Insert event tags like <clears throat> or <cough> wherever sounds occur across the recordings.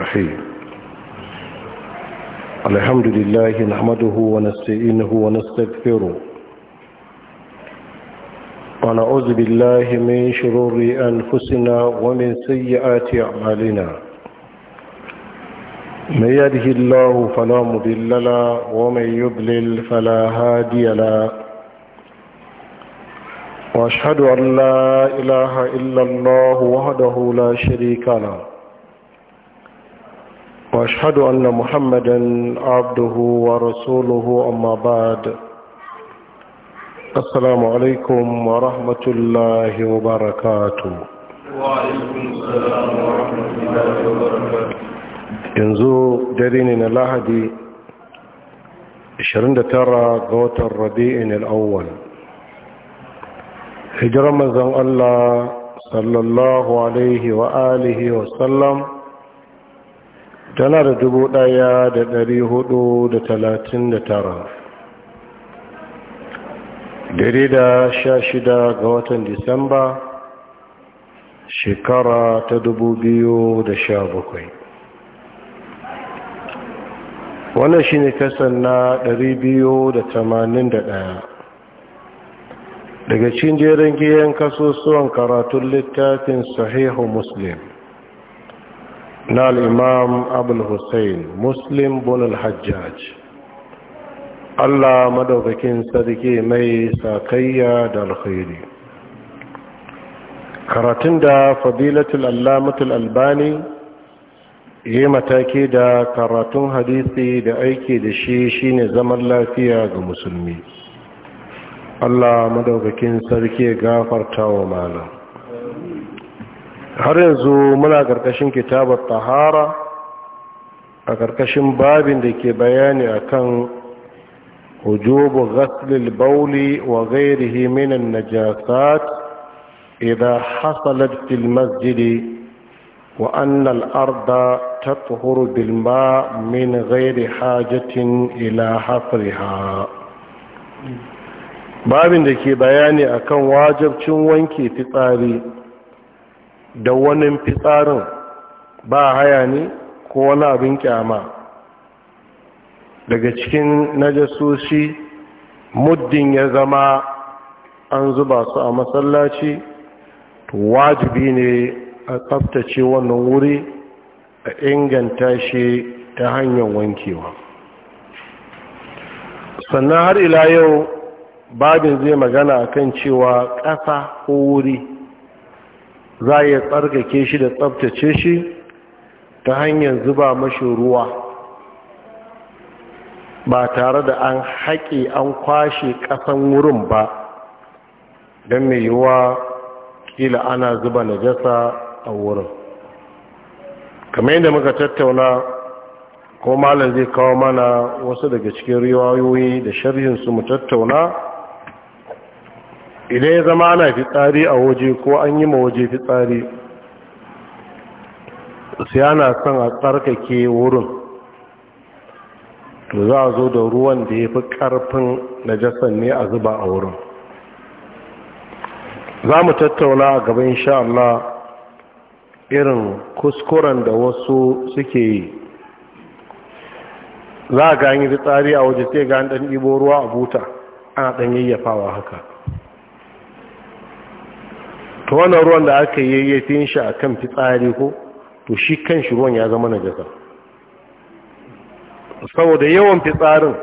الرحيم الحمد لله نحمده ونستعينه ونستغفره ونعوذ بالله من شرور أنفسنا ومن سيئات أعمالنا من يده الله فلا مضل له ومن يضلل فلا هادي له واشهد ان لا اله الا الله وحده لا شريك له وأشهد أن محمدا عبده ورسوله أما بعد السلام عليكم ورحمة الله وبركاته وعليكم السلام ورحمة الله وبركاته yanzu dare ne na lahadi 29 ga watan rabi'in al'awwal hijirar manzan Allah sallallahu alaihi wa alihi wa sallam tana da dubu ɗaya da dari hudu da talatin da tara dare da sha shida ga watan disamba shekara ta dubu biyu da sha bakwai wannan shi ne kasan na dari biyu da tamanin da ɗaya daga cin jerin giyan kasusuwan karatun littafin sahihu muslim na al'imam abul hussein muslim bunin hajjaj allah madaukakin sarki mai sakayya da alkhairi karatun da fadilatul allamatul albani yi mataki da karatun hadisi da aiki da shi shine zaman lafiya ga musulmi allah madaukakin sarki gafarta wa malam har yanzu muna ƙarƙashin kitabar tahara a ƙarƙashin babin da ke bayani akan hujubu ghaslil bauli wa ghairihi minan najasat idha hasalat fil masjid wa anna al arda tathuru bil ma min ghairi hajatin ila hafriha babin da ke bayani akan wajibcin wanke fitsari da wani fitsarin ba haya ne ko wani abin kyama daga cikin najasoshi muddin ya zama an zuba su a masallaci wajibi ne a tsabtace wannan wuri a inganta shi ta hanyar wankewa sannan har ila yau babin zai magana a kan cewa ƙasa ko wuri za a iya tsarkake shi da tsabtace shi ta hanyar zuba mashi ruwa ba tare da an haƙe an kwashe ƙasan wurin ba don mai yiwuwa ƙila ana zuba najasa a wurin kamar yadda muka tattauna ko malam zai kawo mana wasu daga cikin riwayoyi da sharhinsu mu tattauna idan ya zama ana fitsari a waje ko an yi ma waje fitsari sai ana son a tsarkake wurin to za a zo da ruwan da ya fi ƙarfin najasan ne a zuba a wurin za mu tattauna a gaban sha Allah irin kuskuren da wasu suke yi za a ganyi fitsari a waje sai ga ɗan ɗibo ruwa a buta ana ɗan yayyafawa haka to wannan ruwan da aka yayyafin shi a kan fitsari ko to shi kan shi ruwan ya zama na jasa saboda yawan fitsarin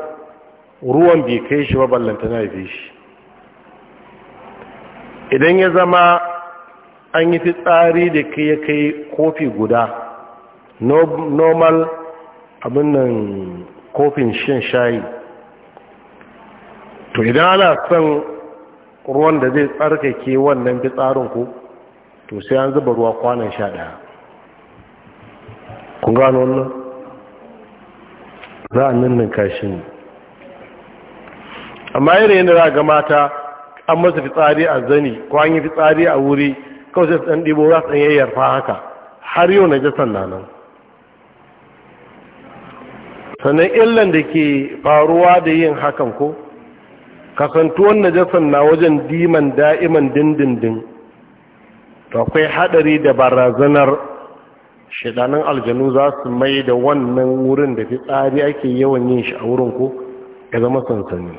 ruwan bai kai shi ba ballanta na yafe shi idan ya zama an yi fitsari da kai ya kai kofi guda normal abin nan kofin shan shayi to idan ana son ruwan da zai tsarkake wannan fitsarin ku to sai an zuba ruwa kwanan sha ɗaya kun gano wannan za a nuna kashi ne amma yanayin da za ga mata an masa fitsari a zani ko an yi fitsari a wuri kawai sai ɗan ɗibo za su ɗan yayyar fa haka har yau na jasan na sannan illan da ke faruwa da yin hakan ko kasantuwan najasan na wajen diman da'iman dindindin to akwai hadari da barazanar shidanin aljanu za su mai da wannan wurin da fi tsari ake yawan yin shi a wurin ko ya zama sansani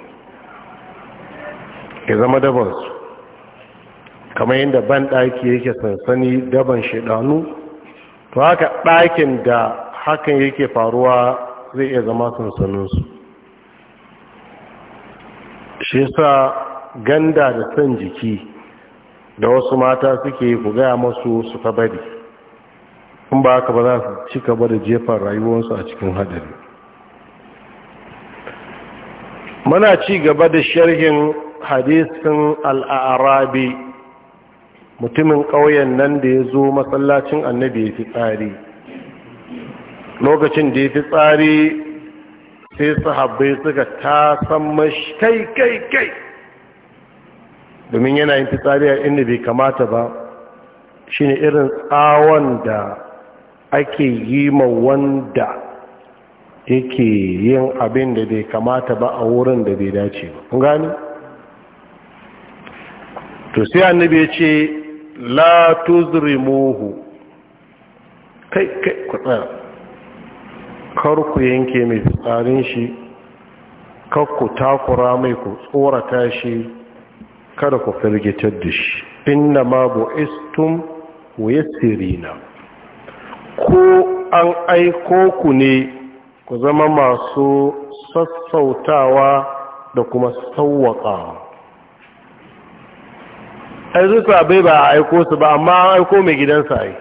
ya zama dabansu kamar yadda ban daki yake sansani daban shidanu to haka ɗakin da hakan yake faruwa zai iya zama sansaninsu shi sa ganda da san jiki da wasu mata suke ku gaya masu su ka bari in ba haka ba za su ci gaba da jefan rayuwarsu a cikin hadari muna ci gaba da sharhin hadisun al'arabi mutumin ƙauyen nan da ya zo masallacin annabi ya fi tsari lokacin da ya fi tsari sai sahabbai suka tasan mashi kai kai kai domin yana yin fitsari a inda bai kamata ba shine irin tsawon da ake yi ma wanda yake yin abin da bai kamata ba a wurin da bai dace ba kun gani to sai annabi ya ce la mohu kai kai kwatsara kar ku yanke mai fitsarin shi kar ku takura mai ku tsorata shi kada ku firgitar da shi inna ma bu'istum na. ko an aiko ku ne ku zama masu sassautawa da kuma sauwaƙawa ai zuwa abai ba a aiko su ba amma an aiko mai gidansa ai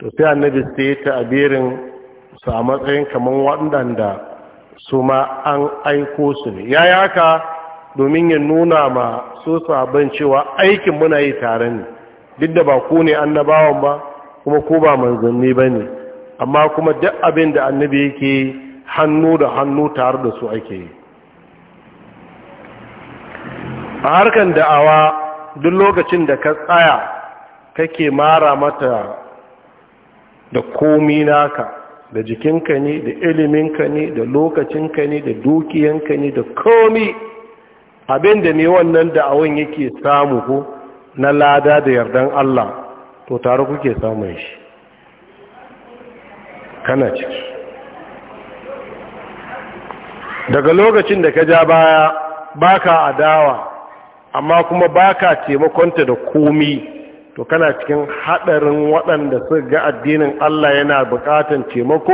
to sai annabi sai ta abirin su a matsayin kamar waɗanda su ma an aiko su ne ya yi haka domin ya nuna ma su sabon cewa aikin muna yi tare ne duk da ba ku ne annabawan ba kuma ku ba manzanni ba ne amma kuma duk abin da annabi yake hannu da hannu tare da su ake yi a harkar da'awa duk lokacin da ka tsaya kake mara mata da komi naka da jikinka ne da iliminka ne da lokacinka ne da dukiyanka ne da komi abin da mai wannan da'awun yake samu ku na lada da yardan Allah to tare kuke samun shi kana ciki daga lokacin da ka ja baya baka adawa amma kuma baka taimakonta da komi to kana cikin haɗarin waɗanda su ga addinin Allah yana buƙatan taimako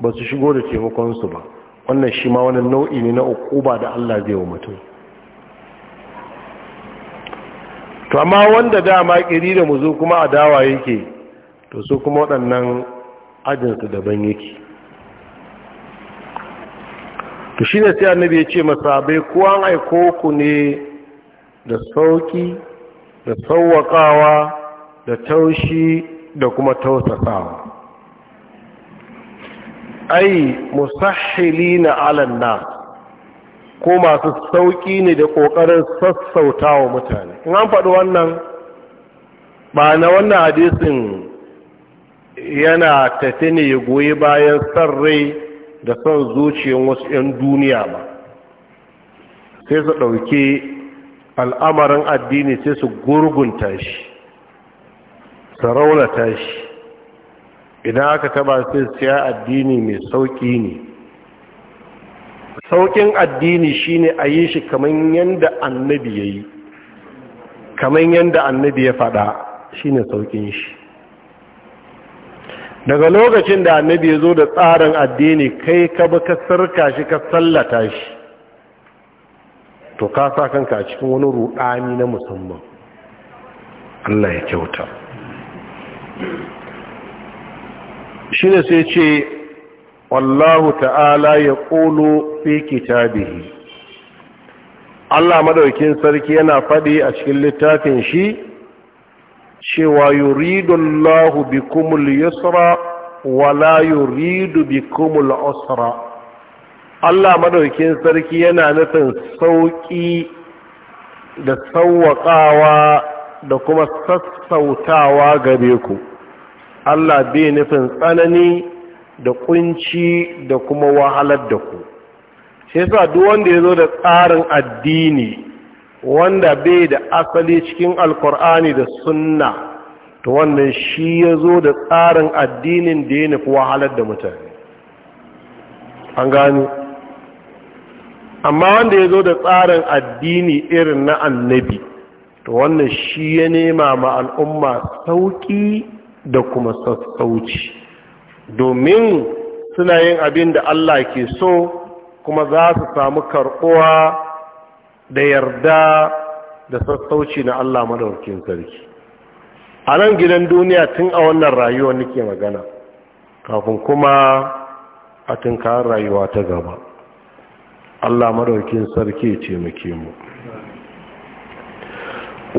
ba su shigo da taimakonsu ba wannan shi ma wani nau'i ne na ukuba da Allah zai wa mutum to amma wanda dama kiri da muzu kuma adawa yake to su kuma waɗannan ajinsu daban yake to shi da sai annabi ya ce masabai kowa aiko ku ne da sauki da tsawakawa da taushi da kuma tausasawa ai musahili na alanna ko masu sauƙi ne da ƙoƙarin sassauta wa mutane in an faɗi wannan ba na wannan hadisin yana tafi ne ya goyi bayan san rai da son zuciyar wasu 'yan duniya ba sai su ɗauke al'amarin addini sai su gurgunta shi su raunata shi idan aka taba sai siya addini mai sauƙi ne sauƙin addini shine a yi shi kamar yadda annabi ya yi kamar yadda annabi ya faɗa shine sauƙin shi daga lokacin da annabi ya zo da tsarin addini kai ka bi ka sarka shi ka sallata shi to ka sa kanka a cikin wani rudani na musamman Allah ya kyauta shi ne sai ce wallahu ta'ala ya ƙolo fi kitabihi Allah madaukin sarki yana faɗi a cikin littafin shi cewa yuridullahu bikumul yusra wala yuridu bikumul usra Allah madaukin sarki yana nufin sauƙi da sauwaƙawa da kuma sassautawa gare ku Allah bai nufin tsanani da kunci da kuma wahalar da ku shi yasa duk wanda ya zo da tsarin addini wanda bai da asali cikin alkur'ani da sunna to wannan shi ya zo da tsarin addinin da ya nufi wahalar da mutane an gani amma wanda ya zo da tsarin addini irin na annabi to wannan shi ya nema ma al'umma sauki da kuma sassauci domin suna yin abin da Allah ke so kuma za su samu karɓuwa da yarda da sassauci na Allah madaukin sarki a nan gidan duniya tun a wannan rayuwa nake magana kafin kuma a tunkarar rayuwa ta gaba Allah madaukin sarki ce muke mu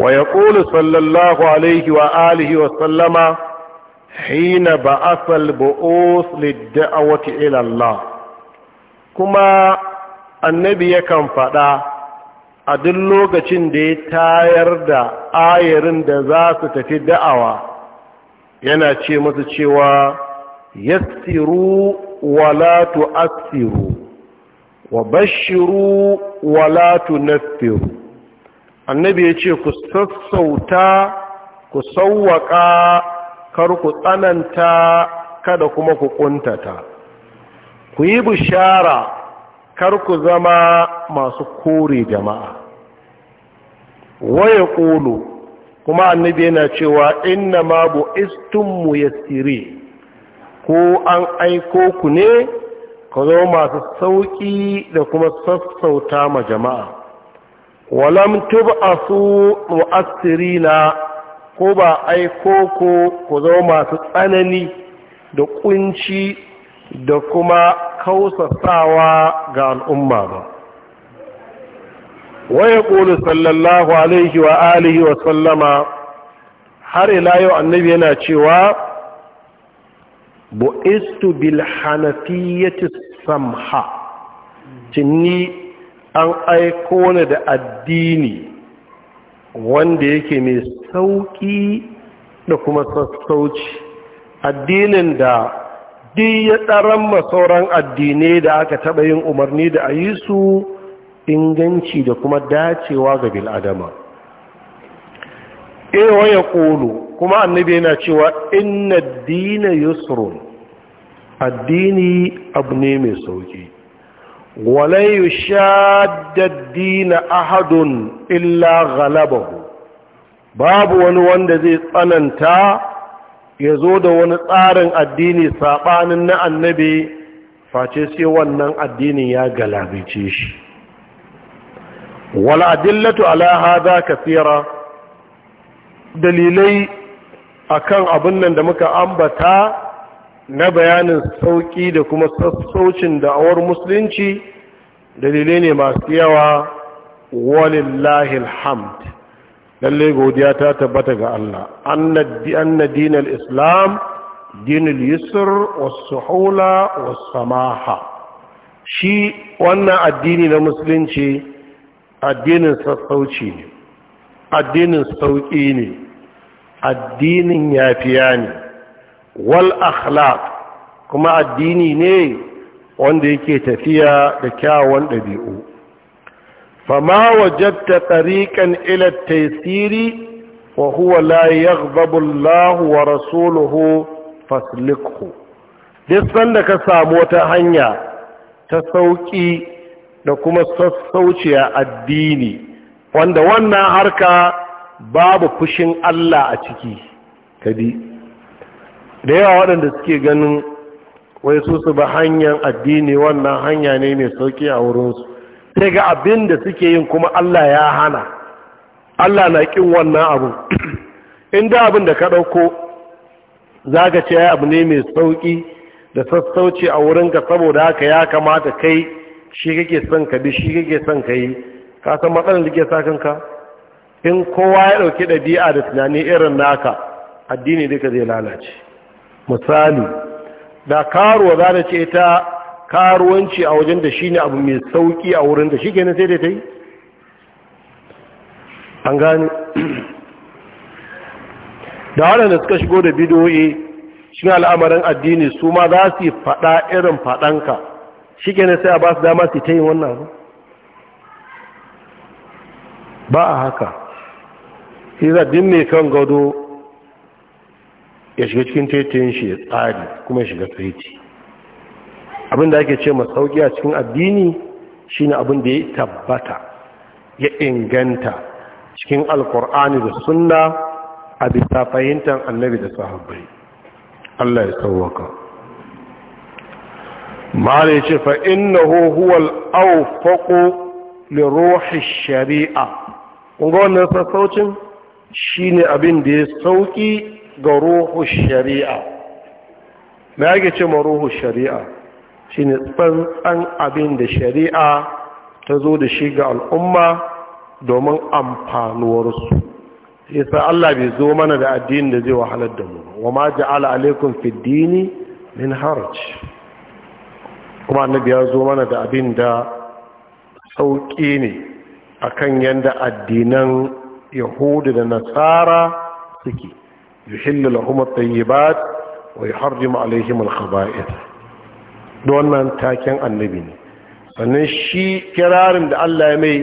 wa yaqulu sallallahu alaihi wa alihi wa sallama hina ba'atha al-bu'us lid ila Allah kuma annabi yakan faɗa a duk lokacin da ya tayar da ayarin da za su tafi da'awa yana ce masu cewa yassiru wala tu'assiru wa bashiru wa Latu nafiru annabi ya ce ku sassauta ku sauwaka kar ku tsananta kada kuma ku kuntata ku yi bishara kar ku zama masu kore jama'a waya ƙulu kuma annabi yana cewa inna ma bu istun mu yassiri ko an aiko ku ne ku zo masu sauƙi da kuma sassauta ma jama'a walam su mu'assirina ko ba aiko ko ku zo masu tsanani da kunci da kuma kausasawa ga al'umma ba waya ƙoli sallallahu alaihi wa alihi wa sallama har ila yau annabi yana cewa bu'istu bil hanafiyyati samha tinni an aiko ni da addini wanda yake mai sauƙi da kuma sassauci addinin da duk ya tsaron masauran addinai da aka taɓa yin umarni da a yi su inganci da kuma dacewa ga bil'adama ewa eh, ya ƙulu kuma annabi yana cewa inna dina yusrun addini abu ne mai sauki walai yushadda dina ahadun illa galabahu. babu wani wanda zai tsananta ya zo da wani tsarin addini saɓanin na annabi face sai wannan addinin ya galabice shi wal adillatu ala hadha kathira dalilai akan abin nan da muka ambata na bayanin sauƙi da kuma sassaucin da'awar musulunci dalilai ne masu yawa walillahil hamd. lalle godiya ta tabbata ga Allah na dinal islam dinul yusr was suhula was samaha shi wannan addini na musulunci addinin sassauci ne addinin sauƙi ne addinin yafiya ne wal akhlaq kuma addini ne wanda yake tafiya da kyawun ɗabi'u fama wajabta tariqan ila taysiri wa huwa la yaghdabu wa rasuluhu faslikhu duk sanda ka samu wata hanya ta sauƙi da kuma sassauciya addini wanda wannan harka babu fushin Allah a ciki kadi da yawa waɗanda suke ganin wai su su ba hanyar addini wannan hanya ne mai sauki a wurinsu sai ga abin da suke yin kuma Allah ya hana Allah na ƙin wannan abu <clears throat> inda abin da ka ɗauko za ka ce ya abu ne mai sauƙi da sassauci a wurinka saboda haka ya kamata kai shi kake son ka bi shi kake son ka yi ka san matsalar da ke sa kanka in kowa ya ɗauki ɗabi'a da tunani irin naka addini duka zai lalace misali da karuwa za ta ce ta karuwanci a wajen da shi abu mai sauƙi a wurin da shi ke sai da ta an gani da waɗanda suka shigo da bidoyi shi al'amarin addini su ma za su faɗa irin faɗanka shi ke sai a ba su dama su ta yi wannan ba a haka shi za din mai kan gado ya shiga cikin taitayin shi ya tsari kuma ya shiga tsaiti abinda ake ce masauki a cikin addini shine abin da ya tabbata ya inganta cikin alkur'ani da sunna a bisa fahimtar annabi da sahabbai Allah ya sauwaka mara ya ce huhuwal au aufaƙo lirohi shari'a ƙunga wannan sassaucin ne abin da ya sauƙi ga ruhu shari'a me yake ce ma ruhu shari'a ne tsantsan abin da shari'a ta zo da shi ga al'umma domin amfanuwarsu yasa Allah bai zo mana da addini da zai wahalar da mu wa ma ja'ala alaikum fid dini min haraj kuma annabi ya zo mana da abin da sauƙi ne akan yanda addinan yahudu da nasara suke yuhillu lahum at-tayyibat wa yuharrimu alaihim al-khaba'ith don nan taken annabi ne sannan shi kirarin da Allah ya mai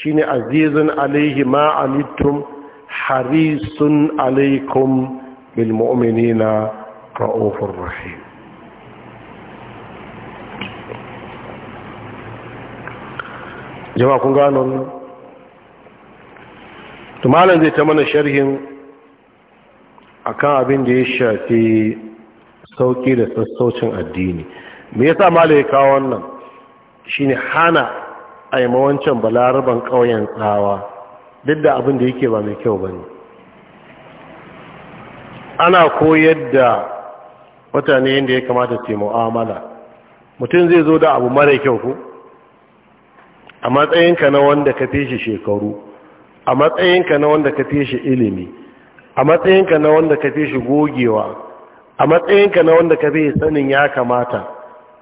shine azizun Alayhi ma anittum harisun alaykum bil mu'minina ra'ufur rahim jama'a kun gano tumalin zai ta mana sharhin a kan abin da ya shafi sauƙi da sassaucin addini me yasa ya kawo wannan shine hana mawancan balaraban ƙauyen tsawa duk da abin da yake ba mai kyau ne. ana koyar da mutane yadda ya kamata su mu'amala mutum zai zo da abu mara kyau ku? a matsayinka na wanda ka fi shi shekaru a matsayinka na wanda ka fi shi ilimi a matsayinka na wanda ka fi shi gogewa a matsayinka na wanda ka fi sanin ya kamata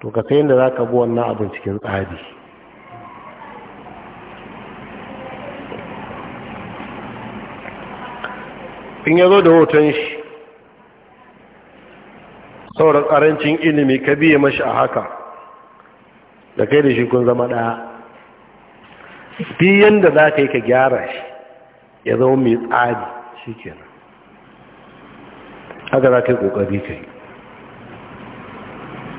to ka sayin da za ka bi wannan abin cikin tsari in ya zo da hoton shi sauran karancin ilimi ka biye mashi a haka da kai da shi kun zama ɗaya Biyan da za ka yi ka gyara shi ya zama mai tsari shi kenan haka za ka yi ƙoƙari ka yi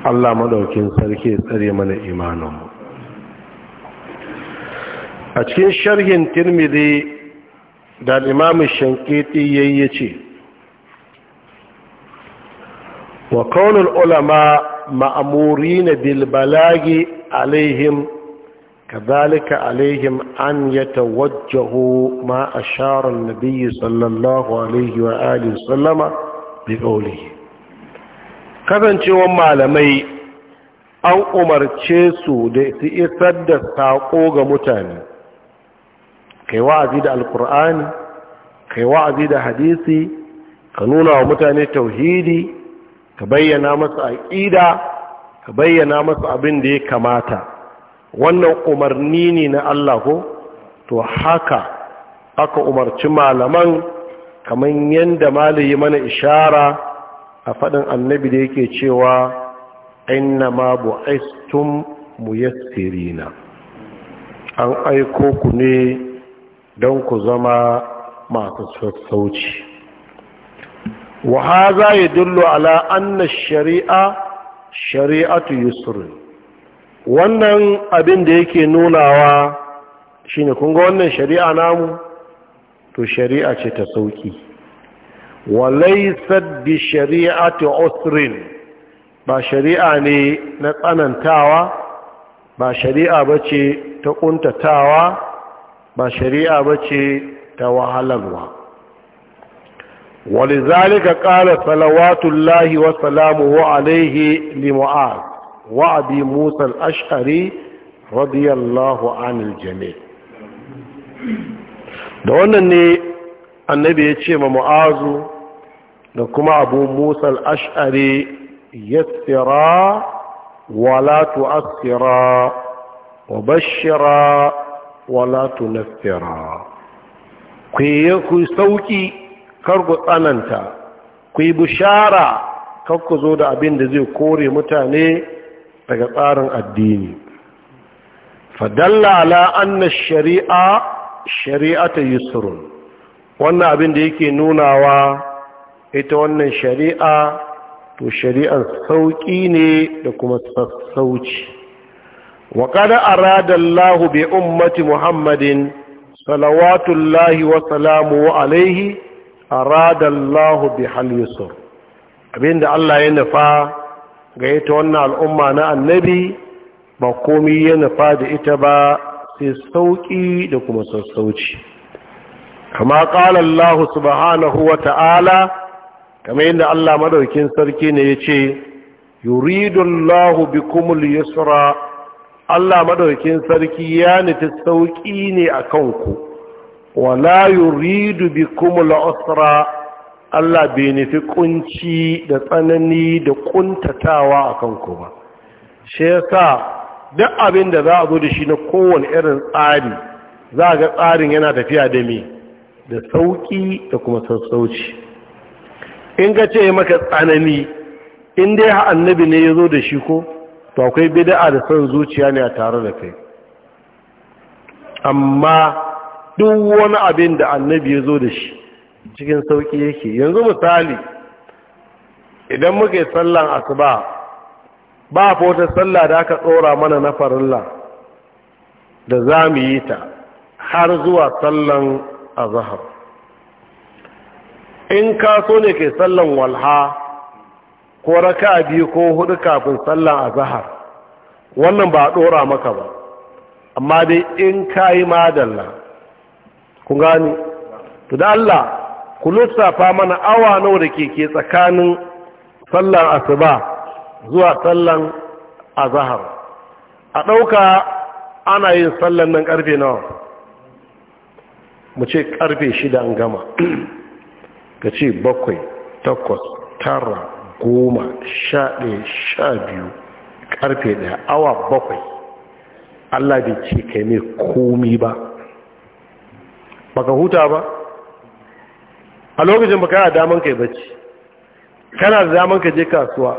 allah maɗaukin sarki ya tsare mana imanin mu. a cikin sharhin tirmidhi da imamu shankiti ya yi ce wa kaunar ulama ma'amuri na bilbalagi alaihim كذلك عليهم أن يتوجهوا ما أشار النبي صلى الله عليه وآله وسلم بقوله kasancewan malamai an umarce su da su isar da saƙo ga mutane kai wa'azi da alkur'ani kai wa'azi da hadisi ka nuna wa mutane tauhidi ka bayyana masa aƙida ka bayyana masa abin da ya kamata wannan umarni ne na Allah ko to haka aka umarci malaman kamar yadda malayi mana ishara a faɗin annabi da yake cewa inna ma bu'aistum muyassirina an aiko ku ne don ku zama masu sassauci wa haza yadullu ala anna shari'a shari'atu yusrin wannan abin da yake nunawa shine ne kunga wannan shari'a namu to shari'a ce ta sauki sadi shari'a ta Osirin ba shari'a ne na tsanantawa ba shari'a ba ce ta ƙuntatawa? ba shari'a ba ce ta wahalarwa ولذلك قال صلوات Salamu wa alaihi limu'ad wa abi musa al-ash'ari radiyallahu anil jami' da wannan ne annabi ya ce ma mu'azu da kuma abu musa al-ash'ari yassira walatu tu'assira wa bashira wala tunassira ku yi ku sauki kar ku tsananta kuyi yi bishara kar ku zo da abin da zai kore mutane daga tsarin addini fadalla ala shari'a shari'ata yusrun wannan abin da yake nunawa ita wannan shari'a to shari'ar sauƙi ne da kuma sassauci wa kada arada Allah bi ummati Muhammadin salawatullahi wa salamu alaihi arada Allah bi hal Abin abinda Allah ya nufa ga ita wannan al'umma na annabi ba komi ya nufa da ita ba sai sauƙi da kuma sassauci kama ƙala Allah subhanahu wa ta'ala kama da Allah madaukin sarki ne ya ce yuridullahu kumul yusra Allah madaukin sarki ya nufi sauƙi ne a kanku wala yuridu bikumul usra Allah bai nufi kunci da tsanani da kuntatawa a kanku ba shi ya sa duk abin da za a zo da shi na kowane irin tsari za ga tsarin yana tafiya da me da sauƙi da kuma sassauci in ga ce maka tsanani in dai annabi ne ya zo da shi ko to akwai bid'a da son zuciya ne a tare da kai amma duk wani abin da annabi ya zo da shi cikin sauƙi yake yanzu misali idan muke sallan asuba ba fa wata sallah da aka tsora mana na farilla da za mu yi ta har zuwa sallan azahar in ka so ne ke sallan walha ko raka biyu ko hudu kafin sallan azahar wannan ba a tsora maka ba amma dai in ka yi madalla ku gani to da Allah ku lissafa mana awa nawa da ke ke tsakanin sallar asuba zuwa sallan azahar a ɗauka ana yin sallan nan ƙarfe nawa mu ce ƙarfe shida an gama <clears throat> ka ce bakwai takwas tara goma sha ɗaya sha biyu ƙarfe ɗaya awa bakwai allah bai ce kai mai komi ba baka huta ba a lokacin ba kana daman kai bacci kana da daman ka je kasuwa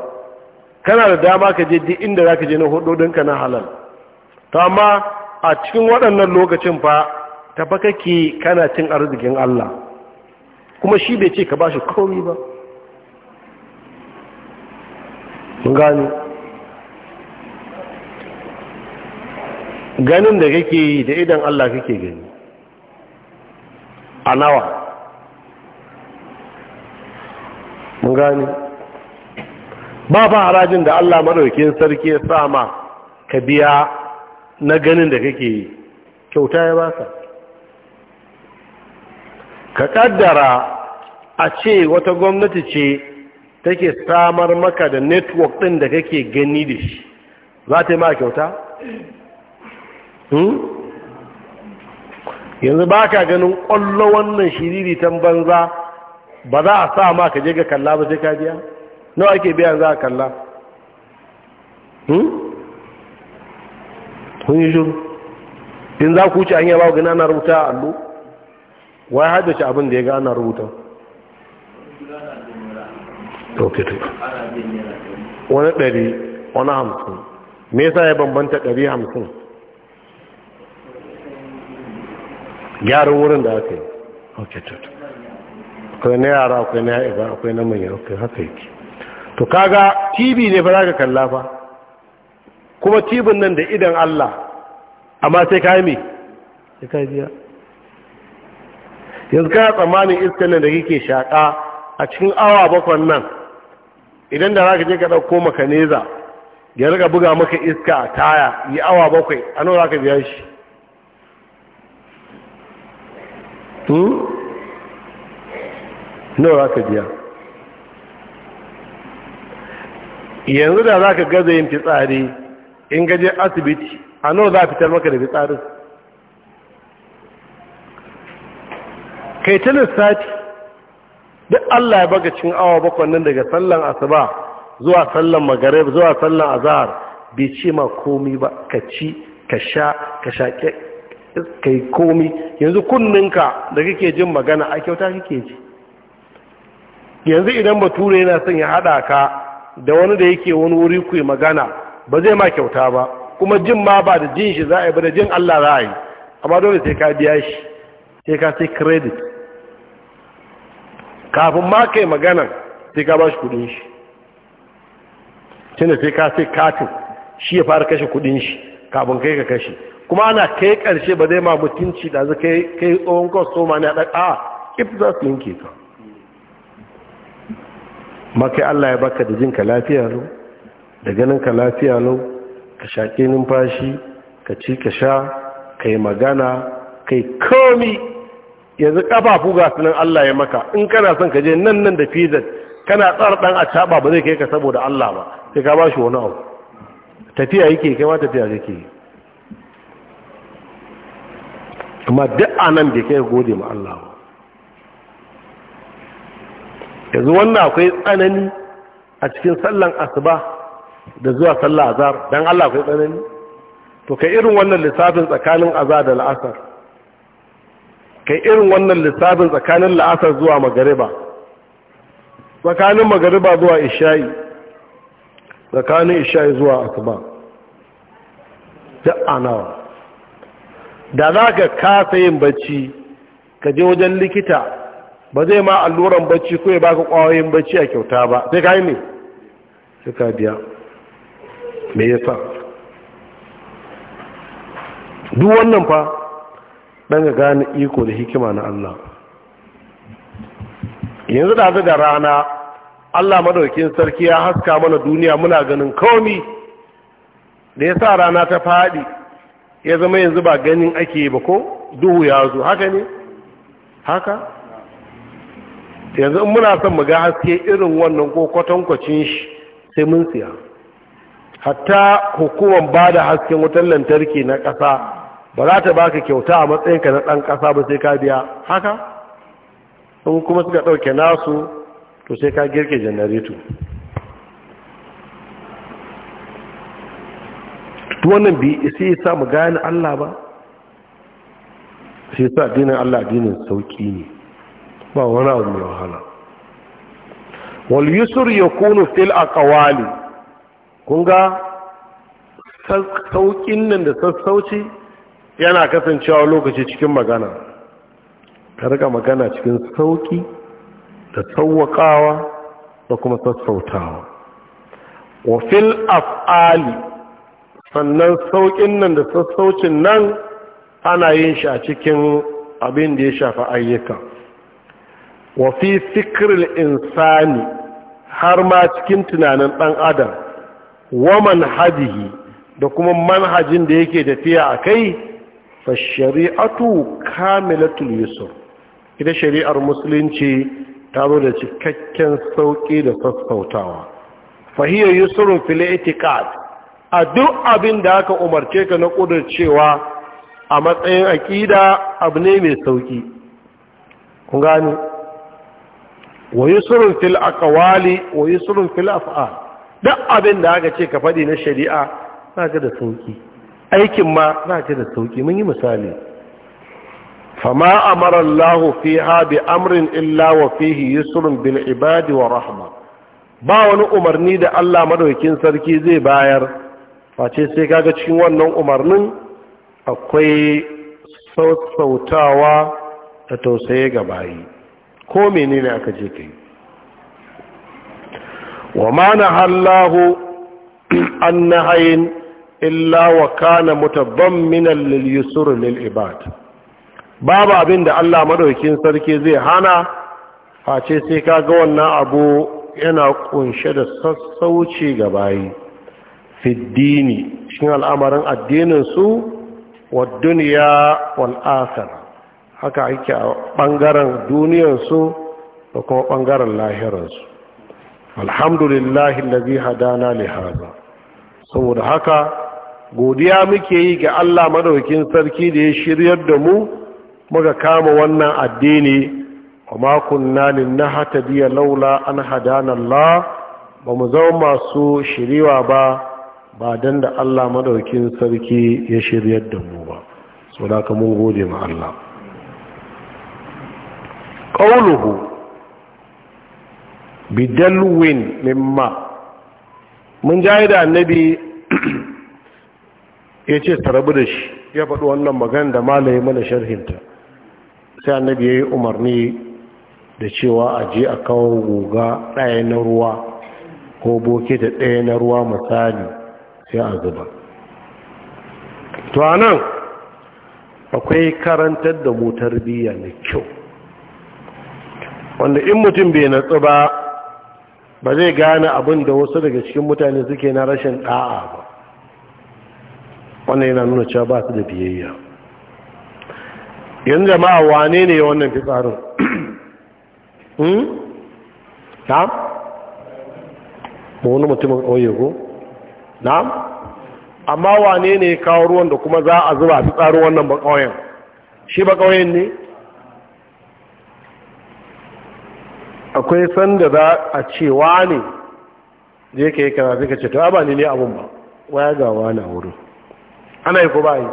kana da dama ka je duk inda ka je na ka na halal to amma a cikin waɗannan lokacin fa tafa kana cin arzikin Allah kuma shi bai ce ka bashi komai ba mun gani ganin da kake yi da idan Allah kake gani a nawa mun gani ba ba harajin da Allah madaukakin sarki ya sa ma ka biya na ganin da kake yi kyauta ya baka ka kaddara a ce wata gwamnati ce take samar maka da network din da kake gani da shi za ta yi ma kyauta? Hmm? yanzu ba ka ganin ƙwallo wannan shiriri tan banza ba za a sa ma ka je ga kalla ba sai ka biya nawa ake biya za a kalla hmm? kun yi shuru in za ku ci an yaba gina na rubuta a allo wai haddace abin da ya ga ana rubuta wani ɗari wani hamsin me yasa ya bambanta ɗari hamsin gyarin wurin da aka yi ok to akwai na yara akwai na yaya akwai na manya akwai haka yake to kaga tv ne fa za ka kalla fa kuma tibin nan da idan allah amma sai ka yi sai ka biya yanzu kana tsammanin iskan nan da kike shaƙa a cikin awa bakwan nan idan da za ka je ka ɗauko makaneza ya riga buga maka iska a taya yi awa bakwai a nawa za ka biya shi hmm? nawa ka biya yanzu da za ka gaza yin fitsari in gaje asibiti a nawa za a fitar maka da fitsarin kai ta lissafi duk allah ya baga cin awa bakwan daga sallan asuba zuwa sallan magarib zuwa sallan azahar bai ce ma komi ba ka ci ka sha ka shaƙe ka komi yanzu kunninka da kake jin magana a kyauta kake ji yanzu idan bature yana son ya hada ka da wani da yake wani wuri ku magana ba zai ma kyauta ba kuma jin ma ba da jin shi za a yi ba da jin Allah za a yi amma dole sai ka biya shi sai ka sai credit kafin ma kai magana sai ka ba shi kudin shi tunda sai ka sai katin shi ya fara kashe kudin shi kafin kai ka kashe kuma ana kai karshe ba zai ma mutunci da zai kai tsohon kwastoma ne a ɗan a if za su yin ka Makai Allah ya baka da jinka lafiya lau da ganinka lafiya lau ka shaƙe numfashi ka ci ka sha ka yi magana ka yi komi yanzu ƙafafu ga sunan Allah ya maka in kana son ka je nan nan da fizat kana tsara ɗan a caɓa ba zai kai ka saboda Allah ba sai ka ba shi wani abu tafiya yake kai ma tafiya yake amma duk a nan bai kai gode ma Allah ba yanzu wannan akwai tsanani a cikin sallan asuba da zuwa sallan azar don Allah akwai tsanani to kai irin wannan lissafin tsakanin azar da la'asar kai irin wannan lissafin tsakanin la'asar zuwa magariba tsakanin magariba zuwa isha'i tsakanin isha'i zuwa asuba duk anawa da za ka kasa yin bacci ka je wajen likita ba zai ma alluran bacci ko ya baka kwayoyin bacci a kyauta ba sai ka yi ne sai biya me yasa duk wannan fa dan ga gane iko da hikima na Allah yanzu da da rana Allah madaukin sarki ya haska mana duniya muna ganin komi da ya sa rana ta faɗi ya zama yanzu ba ganin ake ba ko duhu ya zo haka ne haka yanzu in muna son mu ga haske irin wannan ko kwatankwacin shi sai mun siya hatta hukumar ba da hasken wutar lantarki na ƙasa ba za ta baka kyauta a matsayinka na ɗan ƙasa ba sai ka biya haka in kuma suka ɗauke nasu to sai ka girke janareto wannan bi isi sa mu gane Allah ba shi sa dinin Allah dinin sauki ne ba wani abu mai wahala wal yusur yakunu fil aqwali kun ga saukin nan da sassauci yana kasancewa lokaci cikin magana ka riga magana cikin sauƙi da sauwaƙawa da kuma sassautawa wa fil af'ali sannan saukin nan da sassaucin nan ana yin shi a cikin abin da ya shafi ayyuka wa fi insani har ma cikin tunanin ɗan adam wa manhajihi da kuma manhajin da yake tafiya a kai fa shari'atu kamilatul yusuf ita shari'ar musulunci ta zo da cikakken sauƙi da sassautawa fahiyar yusrun fil itiqad a duk abin da aka umarce ka na cewa a matsayin aƙida abu ne mai sauƙi kun gani wa yusrun fil aqwali wa yusrun fil af'al duk abin da aka ce ka faɗi na shari'a ga da sauki aikin ma zaka da sauki mun yi misali fama amara Allah fiha bi amrin illa wa fihi yusrun bil ibadi wa rahma ba wani umarni da Allah madaukin sarki zai bayar face sai kaga cikin wannan umarnin akwai sassautawa da tausaye ga bayi ko menene aka je kai wa ma hallahu an nahayin illa wa kana mutabban minan yusr lil babu abin da Allah madaukin sarki zai hana face sai kaga wannan abu yana kunshe da sassauci ga bayi fiddini cikin al'amarin addinin su wa duniya wal haka ake a ɓangaren duniyarsu da kuma ɓangaren lahirarsu alhamdulillahi lalazi hadana haza. saboda haka godiya muke yi ga allah madaukin sarki da ya shiryar da mu muka kama wannan addini wa makunna na hata biya laula an hadana allah ba mu zama masu shiriwa ba ba don da allah madaukin sarki ya shiryar da mu ba saboda haka mun gode ma allah ƙauluhu bidalwin mimma mun jaye da annabi <clears throat> ya ce tarabu da shi ya faɗi wannan magana da malaye mana sharhinta sai annabi ya yi umarni da cewa a je a kawo guga ɗaya na ruwa ko boke da ɗaya na ruwa misali sai a zuba to anan akwai karantar da motar biya mai kyau wanda in mutum bai natsu ba ba zai gane abin da wasu daga cikin mutane suke na rashin da'a ba wannan yana nuna cewa ba su da biyayya yanzu jama'a wane ne wannan fitsarin <clears throat> hmm? na? Ma wani mutumin ƙauye ko? na? amma wane ne kawo ruwan da kuma za a zuba fitsarin wannan ba ƙauyen shi ba ƙauyen ne? akwai sanda za a cewa ne da yake yi kana suka ce ta ba ni ne abun ba waya ga wani a wurin ana yi ko ba yi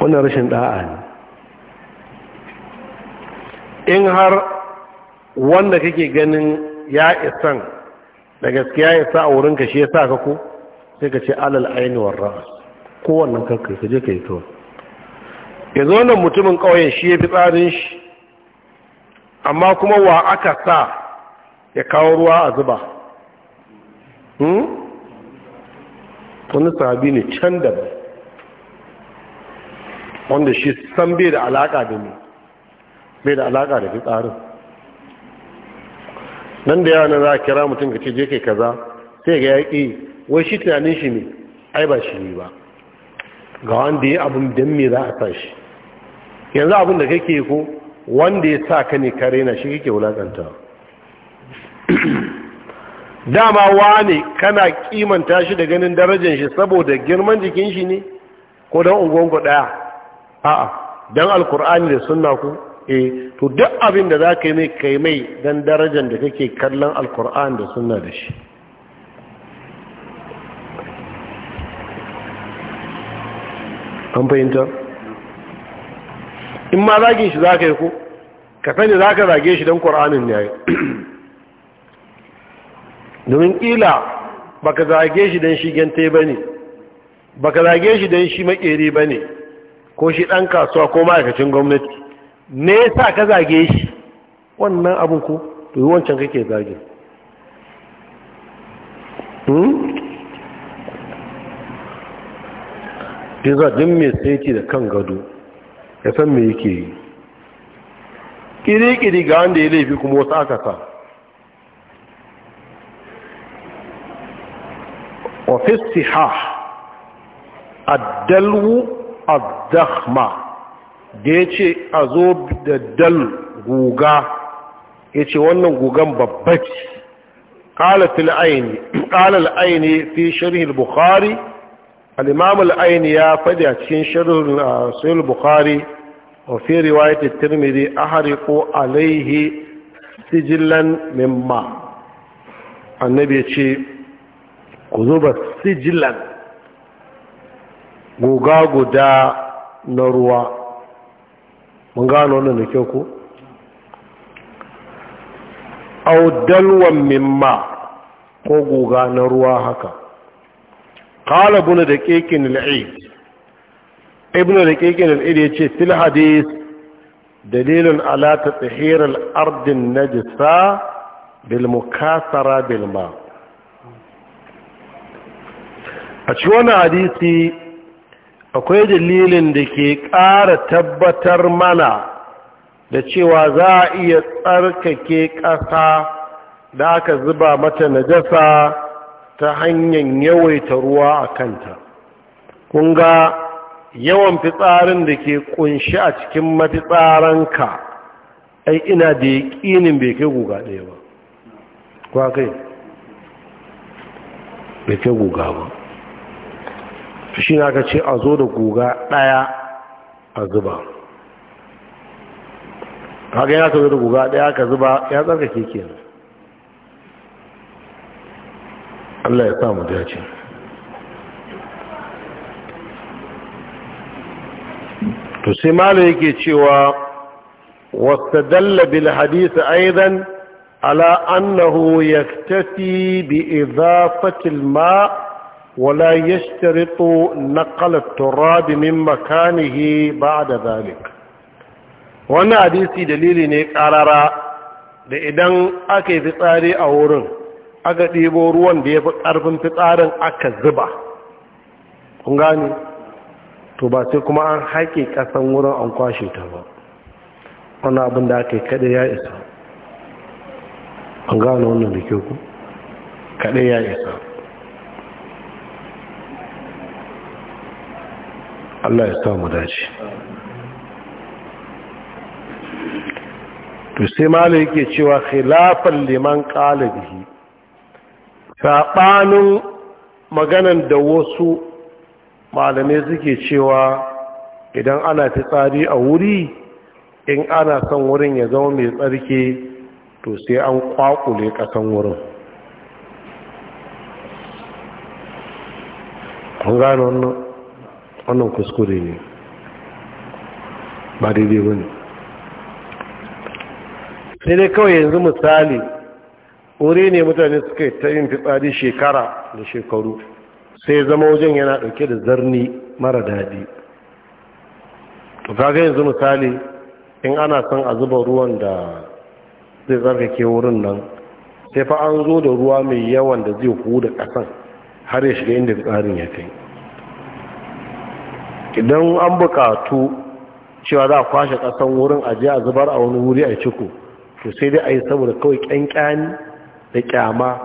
wannan rashin da'a ne in har wanda kake ganin ya isan da gaskiya ya sa a wurinka shi ya sa ka sai ka ce alal ainihin ra'as kowannan kakkai su je ka yi kawai yanzu wannan mutumin ƙauyen shi ya fi tsarin shi amma kuma wa aka sa ya kawo ruwa a zuba hmm? wani sabi ne can daban wanda shi san bai da alaƙa da ne bai da alaƙa da fi tsarin nan da yawon za a kira mutum ka ce je kai kaza sai ga yaƙi eh, wai shi tunanin shi ne ai ba shi ne ba ga wanda ya abin don me za a sa shi yanzu abin da kake ko wanda ya sa ka ne kare na shi kake wulakanta <clears throat> dama ne kana kimanta shi da ganin darajar shi saboda girman jikin shi ne ko don ungonku daya a'a don alkur'ani da suna ku eh to duk abin da za ka yi mai kai mai don darajar da kake kallon alkur'ani da suna da shi an fahimta in ma zagin shi za ka yi ko ka sani za ka zage shi don ƙor'anin ya yi domin ƙila ba ka zage shi don shi gante ba ne ba ka zage shi don shi makeri ba ne ko shi ɗan kasuwa ko ma'aikacin gwamnati ne sa ka zage shi wannan abin ko to yi wancan kake zage Dizardin hmm? mai saiti da kan gado ya san me yake yi ƙiri-ƙiri ga wanda ya laifi kuma wasu aka sa ofisti ha addalwu addahma da ya ce a zo da dal guga ya ce wannan gugan babbaci ƙalafin ƙalal fi sharhin bukhari al'imamul aini ya faɗi a cikin shirin a sayul bukari a fi riwayat tirmidhi ahriqu alaihi sijilan mimma annabi ya ce ku zuba sijilan Guga guda na ruwa mun gano wannan da kyau ku? au dalwan mimma ko guga na ruwa haka قال ابن دقيق العيد ابن دقيق العيد يتشي في الحديث دليل على تطهير الأرض النجسة بالمكاثرة بالماء أشوانا حديثي akwai dalilin da ke ƙara tabbatar mana da cewa za a iya tsarkake ƙasa da aka zuba mata najasa ta hanyar yawaita ruwa a kanta kun ga yawan fitsarin da ke kunshi a cikin mafitsaranka ai ina da ƙinin bai kai guga ɗaya ba kwa kai bai kai guga ba shi na ka ce a zo da guga ɗaya a zuba kaga ya ka zo da guga ɗaya ka zuba ya tsarkake kenan Allah ya samu dace to sai malai yake cewa wastadalla bil hadith aidan ala annahu yaktafi bi idafati wala ma ولا يشترط نقل التراب من مكانه بعد ذلك wannan hadisi dalili ne karara da idan aka yi fitsari a wurin aga ɗebo ruwan da ya fi ƙarfin fitsarin aka zuba kun gani to ba sai kuma an haƙe ƙasan wurin an kwashe ta ba wani abin da aka yi kaɗe ya isa an gano wannan da ke ku kaɗe ya isa Allah ya samu dace to sai mala yake cewa khilafan liman qala saɓanin maganan da wasu malamai suke cewa idan ana fitsari a wuri in ana son wurin ya zama mai tsarki to sai an kwakule ƙasan wurin kun gano wannan kuskure ne ba daidai wani sai dai kawai yanzu misali wuri ne mutane suka yi ta yin fitsari shekara da shekaru sai zama wajen yana ɗauke da zarni mara daɗi to kaga yanzu misali in ana son a zuba ruwan da zai tsarkake wurin nan sai fa an zo da ruwa mai yawan da zai huda ƙasan har ya shiga inda fitsarin ya kai idan an bukatu cewa za a kwashe ƙasan wurin aje a zubar a wani wuri a ciko to sai dai a yi saboda kawai ƙyanƙyani da kyama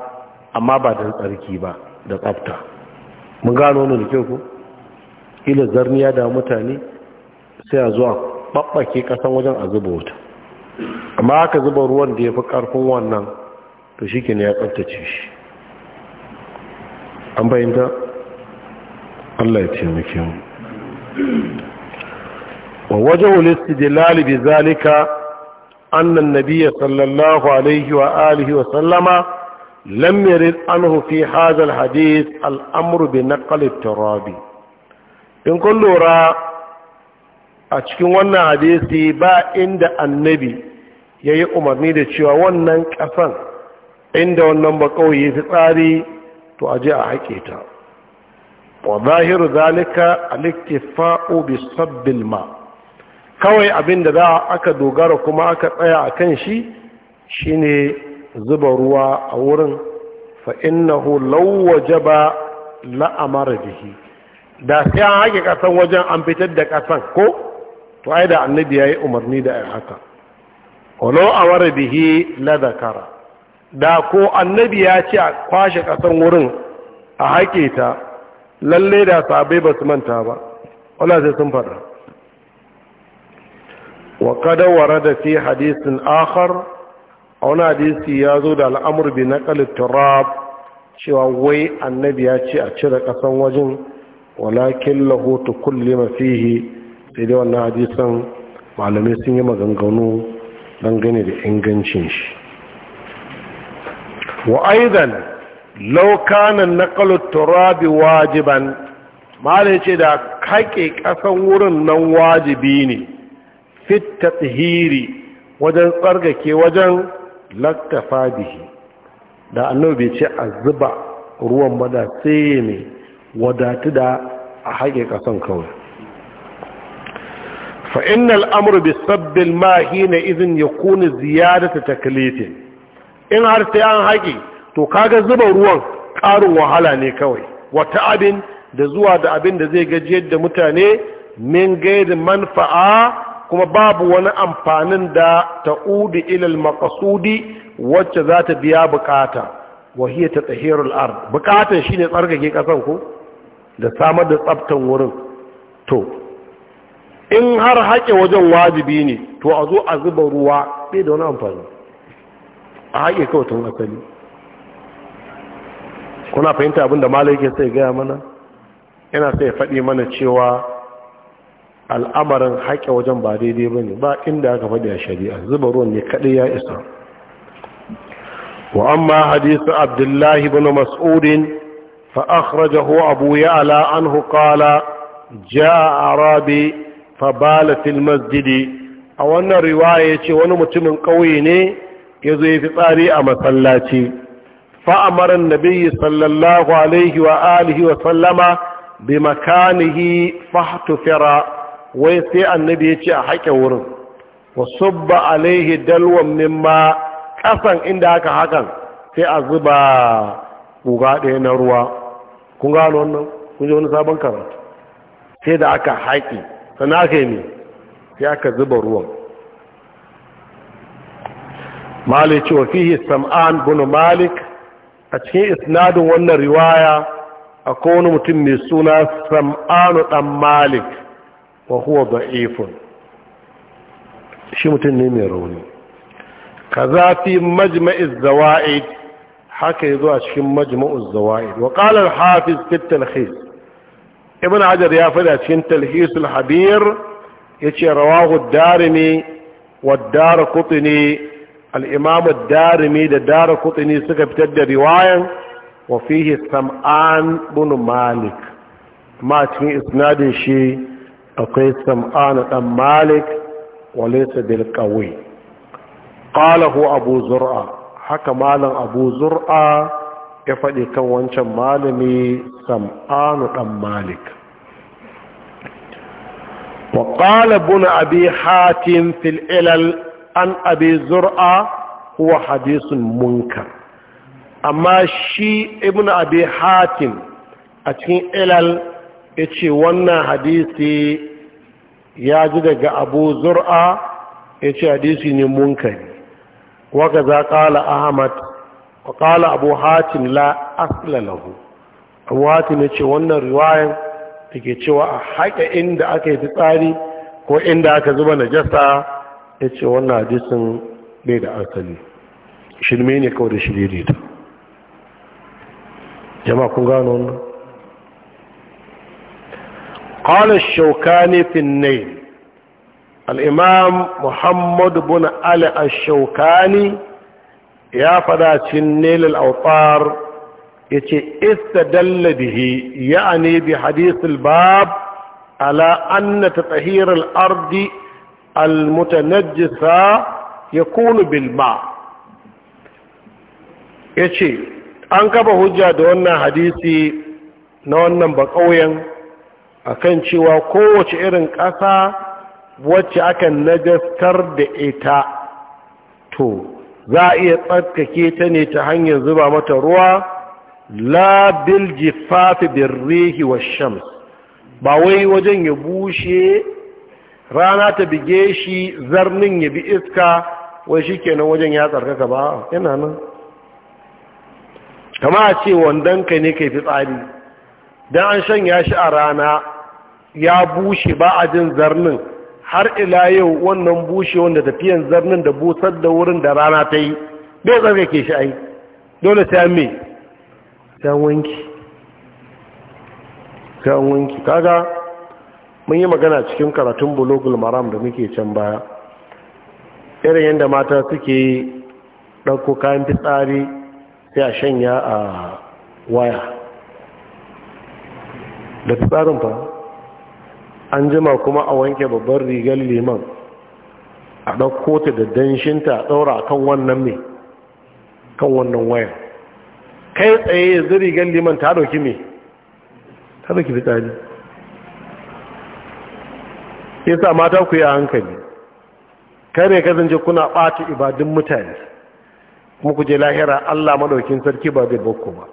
amma ba da tsarki ba da tsafta mun gano wani da kyau ku ila zarniya da mutane sai a zuwa babbake kasan wajen a zuba wuta amma aka zuba ruwan da ya fi karfin wannan to shi ya tsaftace shi an bayyanta Allah ya taimake mu wa wajen da lalibi zalika annan nabiyya sallallahu alaihi wa alihi wa sallama lam yarid anhu fi hadha alhadith al'amru bi naql in kun lura a cikin wannan hadisi ba inda annabi yayi umarni da cewa wannan kasan inda wannan ba ya fi tsari to aje a haƙe ta wa zahiru zalika al-iktifa'u bi sabbil ma' kawai abin da za aka dogara kuma aka tsaya a kan shi shi ne zuba ruwa a wurin fa lauwaje ba la'amara bihi da sai an haƙe ƙasan wajen an fitar da ƙasan, ko to ai da annabi ya yi umarni da haka walau amara bihi la zakara da ko annabi ya ce a kwashe ƙasan wurin a haƙe ta lalle da sabai ba su manta ba wala sai sun faɗa. وقد ورد hadisin akhar, a wani hadisi ya zo da al'amur bi na turab cewa wai annabi ya ce a cire ƙasan wajen walakin lahoto kulle mafihi sai dai wannan hadisan malamai sun yi ma maganganu dangane da ingancin shi wa aizan laukanan na wajiban malam ce da kake ƙasan wurin nan wajibi ne Fitta tathiri wajen tsargake wajen laktafa bihi da annabi ce a zuba ruwan bada tsaye ne wadatu da a haƙe ƙasan kawai fa innal amru bi na izin ya kuna ziyarar ta taklifin in har sai an haƙe to kaga zuba ruwan ƙarin wahala ne kawai wata abin da zuwa da abin da zai gajiyar da mutane min gaidin manfa'a kuma babu wani amfanin da ta ta'udi ilal makasudi wacce za ta biya bukata wahiya ta tahirul ard bukatan shine tsarkake kasan ku da samar da tsaftan wurin to in har haƙe wajen wajibi ne to a zo a zuba ruwa bai da wani amfani a haƙe kawai tun asali kuna fahimta abin da malai ke sai gaya mana yana sai faɗi mana cewa al'amarin haƙe wajen ba daidai ba ne ba inda aka faɗi a shari'a zuba ruwan ne kaɗai ya isa wa amma hadisu abdullahi bin mas'udin fa akhrajahu abu ya'la anhu qala jaa arabi fa bala fil masjid a wannan riwaya yace wani mutumin ƙauye ne yazo ya fi tsari a masallaci fa amara annabi sallallahu alaihi wa alihi wa sallama bi makanihi fahtufira wai sai annabi ya ce a haƙe wurin wa subba alaihi dalwan mimma ƙasan inda haka hakan sai a zuba guga ɗaya na ruwa kun gano wannan kun ji wani sabon karatu sai da aka haƙi sana ka yi sai aka zuba ruwan malik cewa fihi sam'an bin malik a cikin isnadin wannan riwaya akwai wani mutum mai suna sam'anu dan malik وهو ضعيف شي متن ني مي روني كذا في مجمع الزوائد حكى يزو اشكين مجمع الزوائد وقال الحافظ في التلخيص ابن عجر يا فدا شين تلخيص الحبير يتي رواه الدارمي والدار قطني الامام الدارمي ده قطني سكا بتدى رواية وفيه السمعان بن مالك ما تني اسناد شي akwai sam'ana dan malik walaysa bil qawi qalahu abu zur'a haka malam abu zur'a ya faɗi kan wancan malami sam'anu dan malik وقال ابن أبي حاتم في العلل عن أبي زرعة هو حديث منكر أما شي ابن أبي حاتم أتكين علل ya ce wannan hadisi ya ji daga abu zur'a ya ce hadisi ne munkari waka za kala ahmad wa kala abu hatim la Aslalahu. lahu abu hatim ya ce wannan riwayan da ke cewa a haƙa inda aka yi fitsari ko inda aka zuba na jasa. ya ce wannan hadisin bai da asali shirme ne kawai da shiriri ta jama'a kun gano wannan قال الشوكاني في النيل الإمام محمد بن علي الشوكاني يا فدا النيل الأوطار يتي استدل به يعني بحديث الباب على أن تطهير الأرض المتنجسة يكون بالماء يتي an kafa hujja da wannan hadisi na wannan bakauyen akan cewa kowace irin ƙasa wacce aka najastar da ita to za a iya tsarkake ta ne ta hanyar zuba mata ruwa labil jifafi rihi wa shams ba wai wajen ya bushe rana ta bige shi zarnin ya bi iska wai shi kenan wajen ya tsarkaka ba yana nan kama a ce ka ne kai tsari. don an shanya shi a rana ya bushe ba a jin zarnin har ila yau wannan bushe wanda tafiyan zarnin da busar da wurin da rana ta yi bai ke shi ai dole ta me ta wanki ta wanki kaga mun yi magana cikin karatun bulogul maram da muke can baya irin yadda mata suke ɗauko kayan fitsari sai a shanya a waya da fitsarin fa an jima kuma a wanke babban rigar liman a ɗauko ta da danshinta a ɗaura kan wannan mai kan wannan waya kai tsaye yanzu rigar liman ta ɗauki mai ta ɗauki Ya sa mata ku yi hankali kare ne kasance kuna ɓata ibadun mutane kuma ku je lahira Allah maɗaukin sarki ba zai bakko ba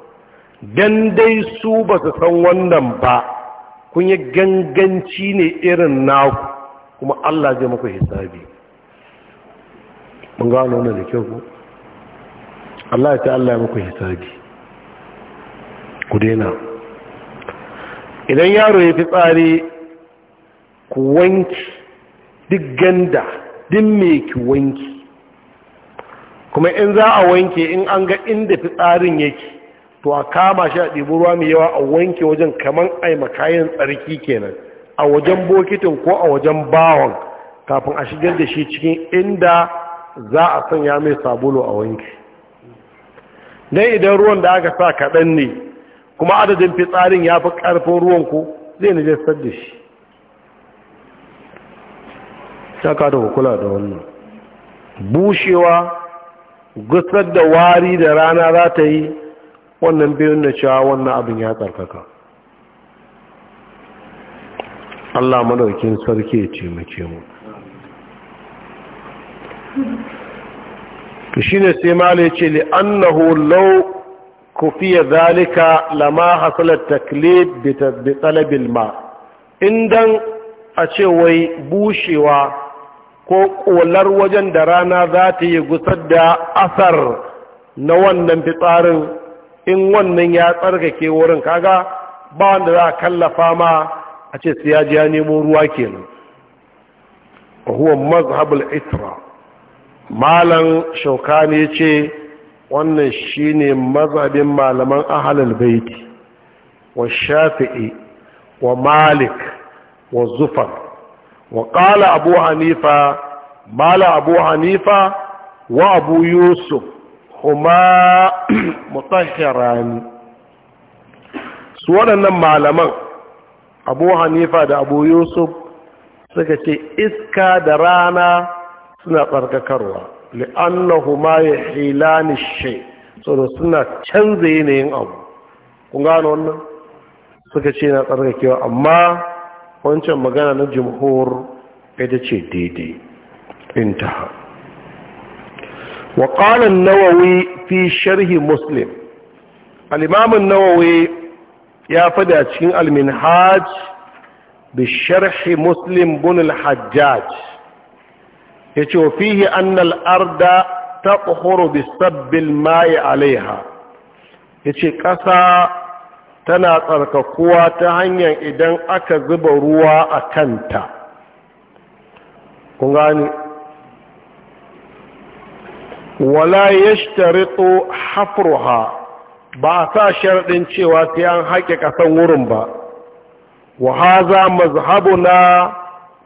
dan dai su ba su san wannan ba kun yi ganganci ne irin naku kuma Allah zai maku hisabi mun gano wannan da kyau ku Allah ya ta Allah ya maku hisabi ku daina idan yaro ya fi tsari ku wanki duk ganda din me ki wanki kuma in za a wanke in an ga inda fitsarin yake to a kama shi a ɗibi ruwa mai yawa a wanke wajen kamar aima kayan tsarki kenan a wajen bokitin ko a wajen bawon kafin a shigar da shi cikin inda za a sanya mai sabulu a wanke dan idan ruwan da aka sa kaɗan ne kuma adadin fitsarin ya fi ƙarfin ruwan ku zai najasar da shi shaka da kula da wannan bushewa gusar da wari da rana za ta yi wannan biyun na cewa wannan abin ya tsarkaka Allah madaukin sarki ya ce muke mu shi shine sai ya ce li annahu law kufiya zalika lama hasalar taklif bi talabil ma indan a ce wai bushewa ko kolar wajen da rana za ta yi gusar da asar na wannan fitsarin in wannan ya tsarkake wurin kaga ba wanda za a kallafa ma a ce su ya ji ya nemo ruwa kenan huwa mazhabul itra malan Shauka ne ce wannan shine mazhabin malaman ahalul baiti wa shafi'i wa malik wa zufar wa kala abu hanifa mala abu hanifa wa abu yusuf huma mutahhirani su waɗannan malaman abu hanifa da abu yusuf suka ce iska da rana suna tsarkakarwa ya yahilani shay saboda suna canza yanayin abu kun gano wannan suka ce na tsarkakewa amma wancan magana na jumhur ita ce daidai intaha wa qala an-nawawi fi sharh muslim al-imam an-nawawi ya fada cikin al-minhaj bi sharh muslim bin al-hajjaj yace wa fihi anna al-arda taqhuru bi sabbi al-ma'i 'alayha yace ƙasa tana tsarkakuwa ta hanyar idan aka zuba ruwa a kanta kun wala ya yashtaritu hafruha ba a sa sharadin cewa sai an haƙe kasan wurin ba wa haza na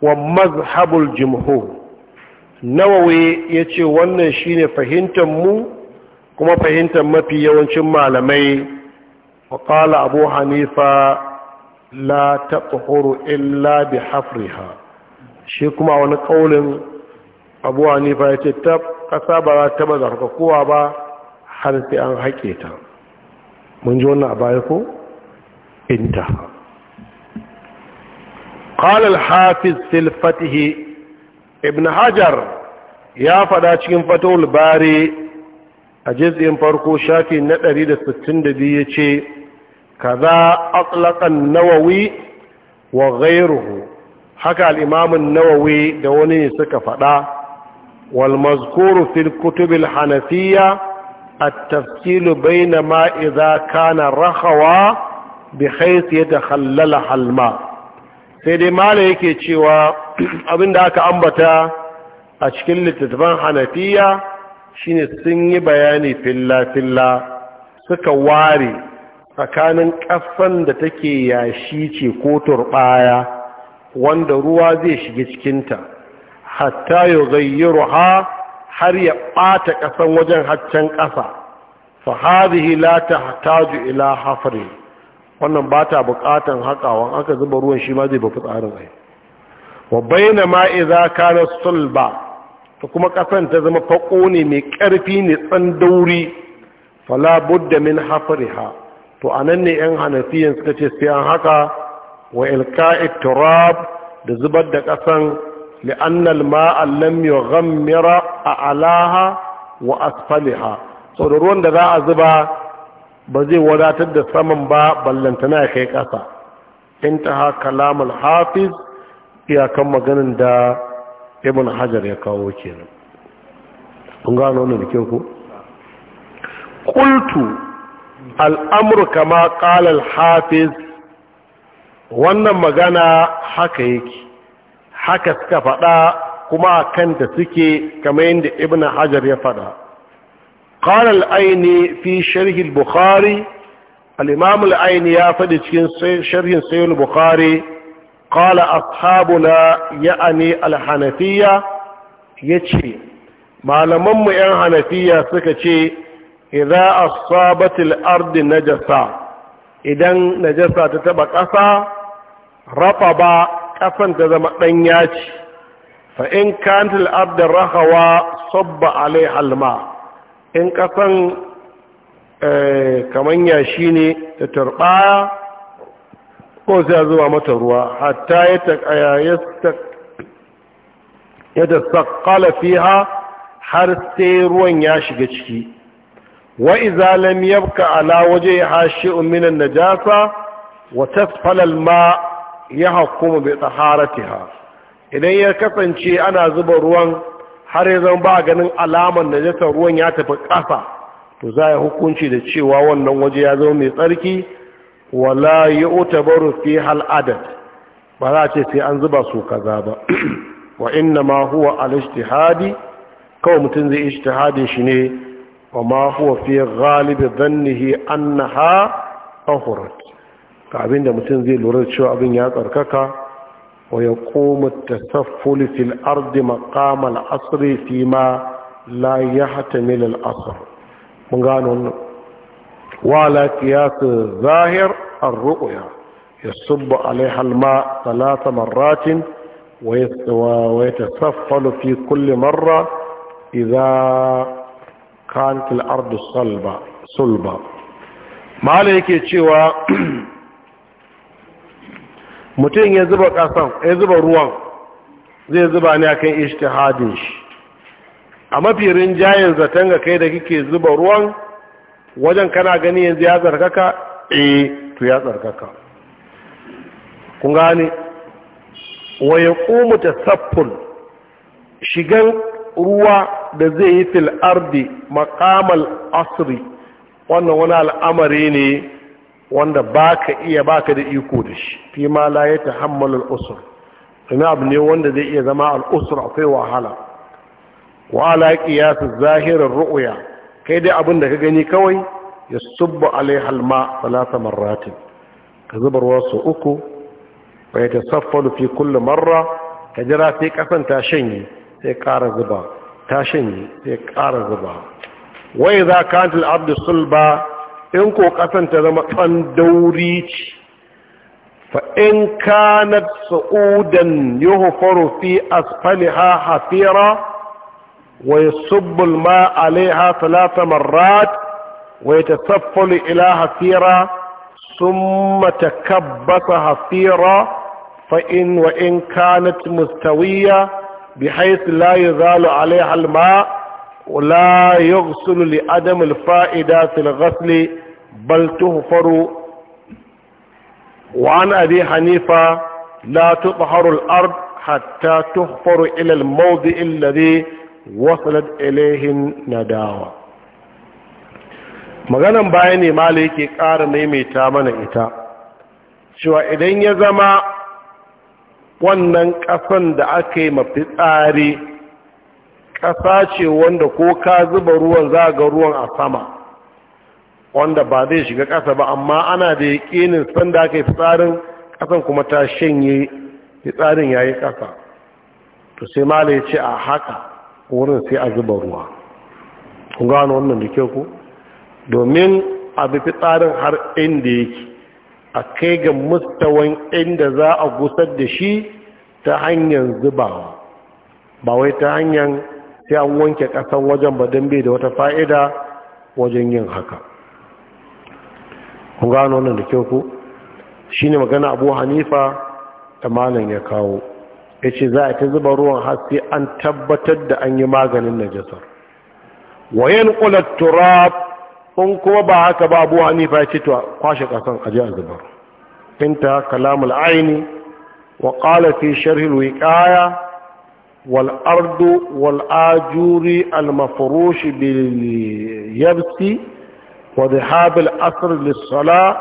wa mazhabul jumhur nawawi ce wannan shine fahimtar mu kuma fahimtar mafi yawancin malamai wa qala abu hanifa la taqhuru illa bi hafriha shi kuma wani kaulin abu hanifa ya ce ta ƙasa ba za ta baza haka kowa ba har sai an haƙe ta mun ji wannan a baya ko inta قال Hafiz في Ibn Hajar ya يا cikin fatul bari a juz'in farko shafi na 162 yace kaza atlaqa an-nawawi wa ghayruhu haka al'imamin nawawi da wani suka fada والمذكور في الكتب الحنفية التفصيل بين ما إذا كان رخوا بحيث يتخللها الماء سيدي مالي يكي تشيوا أبن داك أنبتا أشكل تتبان حنفية شين السنة بياني في الله في الله سكواري tsakanin ƙaffan da take yashi ce ko turɓaya wanda ruwa zai shiga cikinta hatta yughayyiruha har ya ɓata ƙasan wajen haccan ƙasa, fa hadhihi la tahtaju ila hafri wannan ba ta buƙatan haƙawa aka zuba ruwan shi ma zai bafi tsarin ai wa bainama idza kana sulba ta kuma ƙasan ta zama fako ne mai ƙarfi ne tsandauri fala budda min hafriha to anan ne yan hanafiyan suka ce sai an haka wa ilka'i turab da zubar da ƙasan. لأن الماء لم يغمر أعلاها وأسفلها sau da ruwan da za a zuba ba zai wadatar da saman ba ballantana ya kai ƙasa in ta ha kalamul hafiz iyakan maganin da ibn hajar ya kawo kenan kun gano wannan da kyau ko qultu al'amru kama hafiz wannan magana haka yake haka suka faɗa kuma a kanta suke kamar yadda ibn hajar ya faɗa ƙarar al-aini fi sharh bukhari al aini ya faɗi cikin sharhin sahih bukhari qala ashabuna ya'ani alhanafiya ya yace malaman mu yan hanafiya suka ce idza asabatil ardi najasa idan najasa ta taba ƙasa rafa ba ƙasan ta zama ɗan yaci, fa in kantil abda rahawa sabba alai halma in ƙasan eh, kamar yashi ne ta turɓaya ko sai zuwa mata ruwa hatta ya ta fiha har sai ruwan ya shiga ciki wa iza yabka ala waje ha shi'un minan najasa wa tasfala al-ma' ya hakuma bai tsaharatiha idan ya kasance ana zuba ruwan har ya zama ba ganin alaman da ruwan ya tafi ƙasa to za a hukunci da cewa wannan waje ya zama mai tsarki wala yi utabaru fi hal'adad ba za a ce sai an zuba su kaza ba <clears throat> wa inna ma huwa al-ijtihadi kawai mutum zai ijtihadin shi ne wa ma huwa fi ghalibi dhannihi annaha tahurat ga abin da mutum zai lura cewa abin ya tsarkaka wa ya ta tasaffuli fil ardi maqamal asri fi ma la yahtamil al asr mun gano wannan wala kiyasu zahir an ru'ya ya? alaiha al ma thalatha marratin wa yatasaffalu fi kulli marra idza kanat al ardu salba sulba mala yake cewa <clears throat> mutum ya zuba kasan ya zuba ruwan zai zuba ne kan ishtihadin shi a mafi rinjayen zaton ga kai da kike zuba ruwan wajen kana gani yanzu ya tsarkaka eh to ya tsarkaka kun gane wa yaqumu tasafful shigan ruwa da zai yi fil ardi maqamal asri wannan wani al'amari ne wanda baka iya baka da iko da shi fi ma la ya tahammalu al-usr ina abu ne wanda zai iya zama al'usur akwai wahala wa ala qiyas zahirar ru'uya kai dai abin da ka gani kawai Ya alaiha alai halma thalatha marratin ka zubar wasu uku ta yatasaffalu fi kullum marra ka jira sai kasan ta shanye sai ƙara zuba ta shanye sai ƙara zuba Wai za kanat al-abdu sulba in ko kasan ta zama ɗan dauri ce fa in kanat sa'udan yuhfaru fi asfaliha hafira wa yasubbu al-ma alaiha thalatha marrat wa yatasaffalu ila hafira ثم تكبس حفيرا فإن وإن كانت مستوية بحيث لا يزال عليها الماء ولا يغسل لعدم الفائدة في الغسل بل تغفر وعن أبي حنيفة لا تطهر الأرض حتى تغفر إلى الموضع الذي وصلت إليه النداوة maganan baya ne mala yake ƙara maimaita mana ita cewa idan ya zama wannan ƙasan da aka yi mafitsari ƙasa ce wanda ko ka zuba ruwan za ga ruwan a sama wanda ba zai shiga ƙasa ba amma ana da yaƙinin sanda aka yi fitsarin ƙasan kuma ta shanye fitsarin ya yi ƙasa to sai mala ya ce a haka wurin sai a zuba ruwa ku gano wannan da ku domin a bifi tsarin har inda yake a kai ga mustawan inda za a gusar da shi ta hanyar zubawa ba wai ta hanyar sai an wanke ƙasan wajen badan bai da wata fa'ida wajen yin haka kun gano wannan da kyau ku shi ne magana abu hanifa da malam ya kawo ya ce za a ta zuba ruwan haske an tabbatar da an yi maganin najasar wayan ƙular turab kun kuma ba haka ba abu hanifa ya ce to kwashe ƙasan a a zubar inta kalamul aini wa ƙala fi sharhil والأرض والآجور المفروش باليبس وذهاب الأثر للصلاة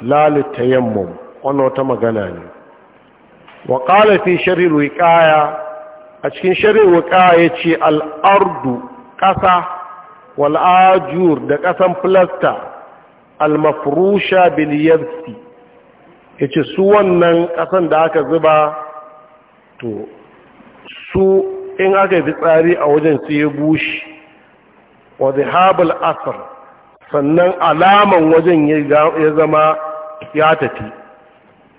لا للتيمم وأنه تم قناني وقال في شر الوقاية أشكين شر الوقاية الأرض قصة والآجور ده قصة فلسطة المفروشة باليبس yace su wannan ƙasan da aka zuba to su in aka yi fitsari a wajen su ya bushe wa zihabul asr sannan alaman wajen ya zama ya tafi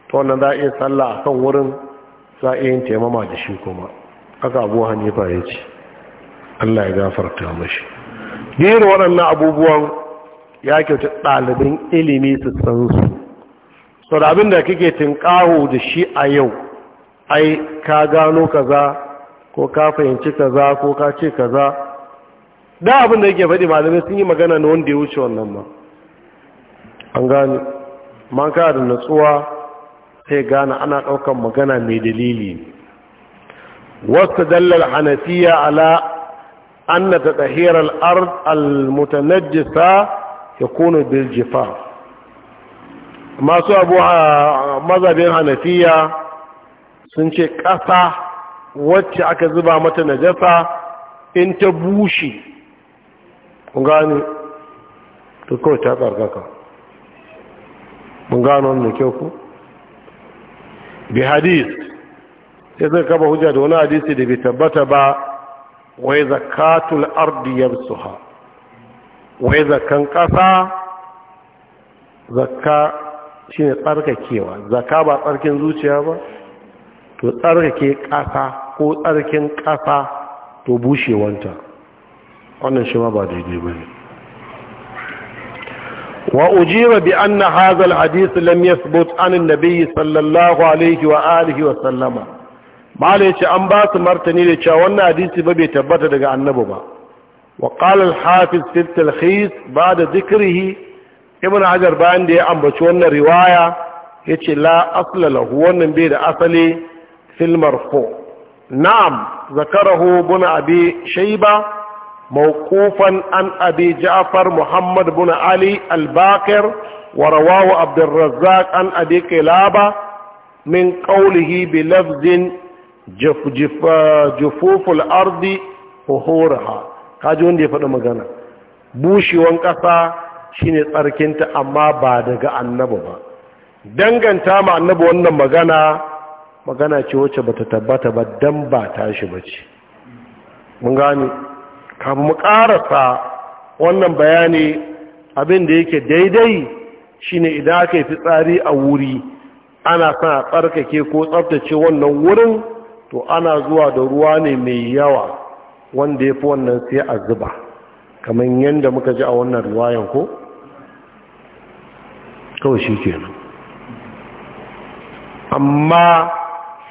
to wannan za a iya sallah a kan wurin za a iya yin taimama da shi kuma aka abu hannifa ya ce Allah ya gafarta mashi gero waɗannan abubuwan ya kyauta ɗalibin ilimi su san su so da da kake tinkaho da shi a yau ai ka gano kaza ko ka fahimci kaza ko ka ce kaza da abin da yake faɗi malamai sun yi magana na wanda ya wuce wannan ma an gane man ka da natsuwa sai gane ana ɗaukan magana mai dalili wasu dallar hanafiya ala tsahirar تطهير الأرض المتنجسة يكون بالجفاف ما masu abuwa mazabin hanasiya. sun ce ƙasa wacce aka zuba mata na jasa in ta bushe mun gane ta kawai ta tsarkaka mun gane wannan kyau ku bi hadis sai zai kaba hujja da wani hadisi da bai tabbata ba wai zakatul ardi suha. wai zakan ƙasa shi shine tsarkakewa zaka ba tsarkin zuciya ba to tsarki kasa ko tsarkin ƙasa to bushewanta wannan shi ba daidai ba ne wa ujira bi anna haza alhadith lam yathbut an an-nabi sallallahu alayhi wa alihi wa sallama mala yace an basu martani da cewa wannan hadisi ba bai tabbata daga annabi ba wa qala al-hafiz fi al-talkhis ba'da dhikrihi ibnu hajar bayan da ya ambaci wannan riwaya ya ce la asla lahu wannan bai da asali Filmar marfu na'am zakarahu bin abi shayba mawqufan an abi ja'far muhammad bin ali al-baqir wa rawahu abd al-razzaq an abi qilaba min qawlihi bi lafzin jufuful ardi huhuraha kaji wanda ya faɗi magana bushewan ƙasa shine tsarkinta amma ba daga annabi ba danganta ma annabi wannan magana magana ce wacce ba ta tabbata ba dan ba tashi ce mun gane kafin mu karasa wannan bayani abin da yake daidai shine idan aka yi fitsari a wuri ana sana tsarkake ko tsaftace wannan wurin to ana zuwa da ruwa ne mai yawa wanda ya fi wannan sai a zuba kamar yadda muka ji a wannan ruwayan ko kawai shi kenan amma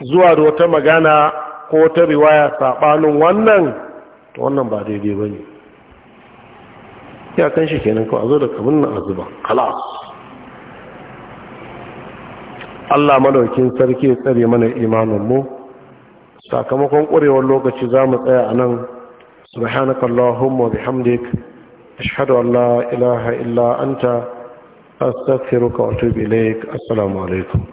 zuwa da wata magana ko ta riwaya saɓanin wannan to wannan ba daidai ba ne ya kan shi kenan kawai a zo da kamun na azuba kalas Allah madaukin sarki ya tsare mana imaninmu sakamakon ƙwarewar lokaci za mu tsaya a nan subhanakallahumma bihamdik ashhadu an la ilaha illa anta astaghfiruka wa atubu ilaik assalamu alaikum